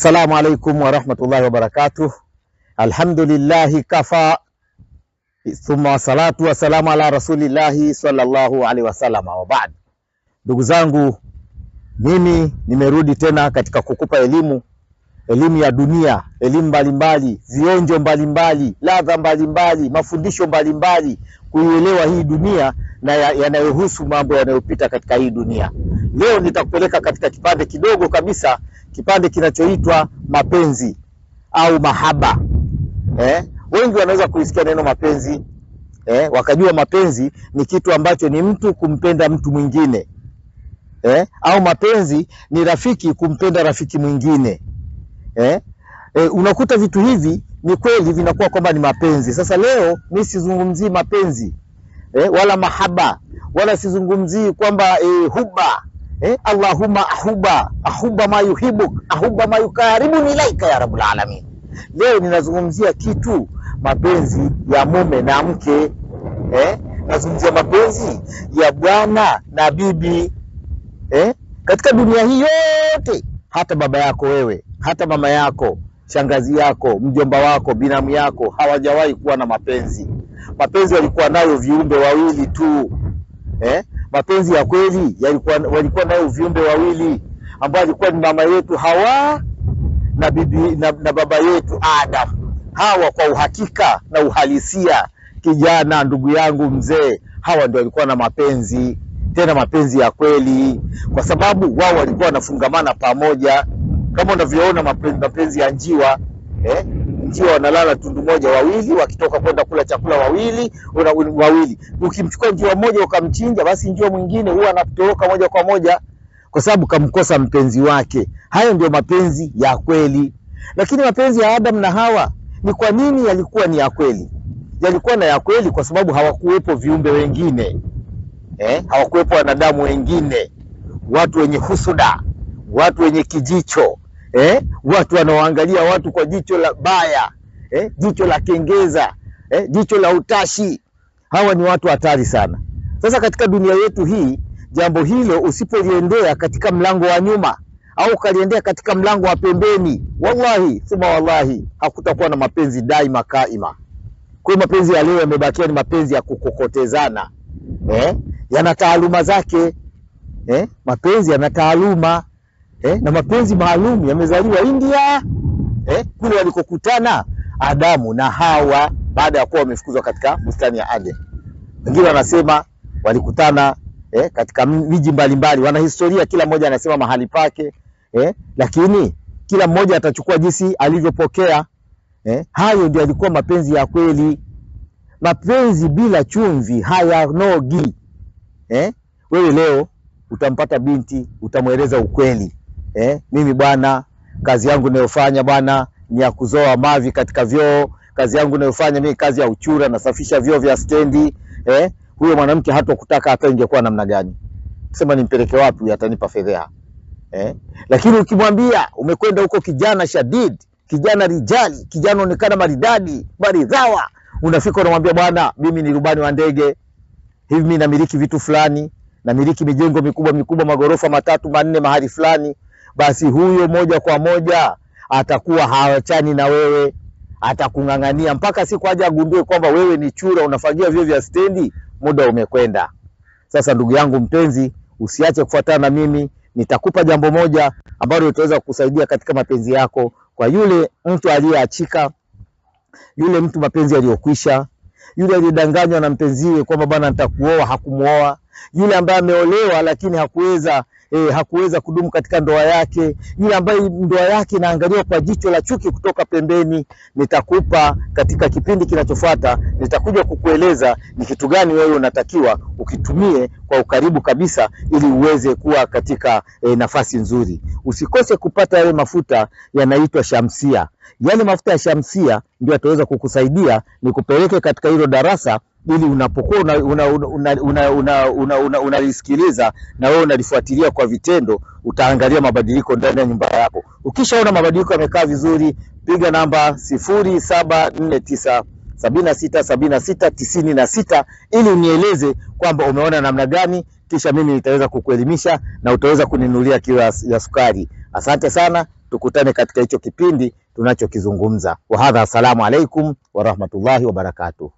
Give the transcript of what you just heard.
Assalamu alaikum warahmatullahi wabarakatuh. Alhamdulillahi kafa thumma wassalatu wassalamu ala rasulillahi sallallahu alaihi wasallam wa baad. Ndugu zangu, mimi nimerudi tena katika kukupa elimu, elimu ya dunia, elimu mbalimbali, vionjo mbalimbali, ladha mbalimbali, mafundisho mbalimbali, kuielewa hii dunia na yanayohusu mambo yanayopita katika hii dunia. Leo nitakupeleka katika kipande kidogo kabisa kipande kinachoitwa mapenzi au mahaba eh? Wengi wanaweza kuisikia neno mapenzi eh? Wakajua mapenzi ni kitu ambacho ni mtu kumpenda mtu mwingine eh? Au mapenzi ni rafiki kumpenda rafiki mwingine eh? Eh, unakuta vitu hivi ni kweli vinakuwa kwamba ni mapenzi. Sasa leo mi sizungumzii mapenzi eh, wala mahaba wala sizungumzii kwamba eh, huba eh, Allahumma ahuba ahuba ma yuhibuk ahuba ma ni laika ya rabbul alamin. Leo ninazungumzia kitu mapenzi ya mume na mke eh, nazungumzia mapenzi ya bwana na bibi eh, katika dunia hii yote, hata baba yako wewe, hata mama yako, shangazi yako, mjomba wako, binamu yako hawajawahi kuwa na mapenzi. Mapenzi walikuwa nayo viumbe wawili tu eh? mapenzi ya kweli yalikuwa, walikuwa nayo viumbe wawili ambao alikuwa ni mama yetu Hawa na, bibi, na, na baba yetu Adam. Hawa kwa uhakika na uhalisia, kijana, ndugu yangu, mzee, hawa ndio walikuwa na mapenzi tena mapenzi ya kweli, kwa sababu wao walikuwa wanafungamana pamoja, kama unavyoona mapenzi ya njiwa eh? njia wanalala tundu moja wawili, wakitoka kwenda kula chakula wawili una wawili. Ukimchukua njiwa moja ukamchinja, basi njiwa mwingine huwa anatoroka moja kwa moja, kwa sababu kamkosa mpenzi wake. Hayo ndio mapenzi ya kweli. Lakini mapenzi ya Adam na Hawa ni kwa nini yalikuwa ni ya kweli? Yalikuwa na ya kweli kwa sababu hawakuwepo viumbe wengine eh, hawakuwepo wanadamu wengine, watu wenye husuda, watu wenye kijicho eh, watu wanaoangalia watu kwa jicho la baya eh, jicho la kengeza eh, jicho la utashi. Hawa ni watu hatari sana. Sasa katika dunia yetu hii, jambo hilo usipoliendea katika mlango wa nyuma au ukaliendea katika mlango wa pembeni, wallahi thuma wallahi, hakutakuwa na mapenzi daima kaima. Kwa hiyo mapenzi ya leo yamebakia ni mapenzi ya kukokotezana eh, yana taaluma zake eh, mapenzi yana taaluma eh, na mapenzi maalum yamezaliwa India eh, kule walikokutana Adamu na Hawa baada ya kuwa wamefukuzwa katika bustani ya Eden. Wengine wanasema walikutana eh, katika miji mbalimbali, wana historia, kila mmoja anasema mahali pake eh, lakini kila mmoja atachukua jinsi alivyopokea eh. Hayo ndio yalikuwa mapenzi ya kweli. Mapenzi bila chumvi hayanogi eh. Wewe leo utampata binti, utamweleza ukweli eh, mimi bwana, kazi yangu nayofanya bwana ni ya kuzoa mavi katika vyoo. Kazi yangu nayofanya mimi kazi ya uchura, nasafisha vyoo vya stendi eh. Huyo mwanamke hata kutaka hata ingekuwa namna gani, sema nimpeleke wapi, atanipa fedheha eh. Lakini ukimwambia umekwenda huko, kijana shadid, kijana rijali, kijana onekana maridadi maridhawa, unafika unamwambia, bwana, mimi ni rubani wa ndege hivi, mimi namiliki vitu fulani, namiliki mijengo mikubwa mikubwa, magorofa matatu manne mahali fulani basi huyo moja kwa moja atakuwa hawachani na wewe, atakung'ang'ania mpaka siku aje agundue kwamba wewe ni chura, unafagia vyo vya stendi. Muda umekwenda. Sasa ndugu yangu mpenzi, usiache kufuatana na mimi, nitakupa jambo moja ambalo litaweza kukusaidia katika mapenzi yako, kwa yule mtu aliyeachika, yule mtu mapenzi aliyokwisha, yule aliyedanganywa na mpenziwe kwamba bana, nitakuoa, hakumuoa, yule ambaye ameolewa lakini hakuweza e, hakuweza kudumu katika ndoa yake yule ambayo ndoa yake inaangaliwa kwa jicho la chuki kutoka pembeni. Nitakupa katika kipindi kinachofuata, nitakuja kukueleza ni kitu gani wewe unatakiwa ukitumie kwa ukaribu kabisa, ili uweze kuwa katika e, nafasi nzuri. Usikose kupata yale mafuta yanaitwa shamsia. Yale mafuta ya shamsia ndio yataweza kukusaidia ni kupeleke katika hilo darasa ili unapokuwa unalisikiliza una, una, una, una, una, una, una na wewe unalifuatilia kwa vitendo, utaangalia mabadiliko ndani ya nyumba yako. Ukishaona mabadiliko yamekaa vizuri, piga namba sifuri saba sita sabini sita tisini na sita ili unieleze kwamba umeona namna gani, kisha mimi nitaweza kukuelimisha na utaweza kuninulia kilo ya sukari. Asante sana, tukutane katika hicho kipindi tunachokizungumza. Wahadha, assalamu alaikum warahmatullahi wabarakatuh.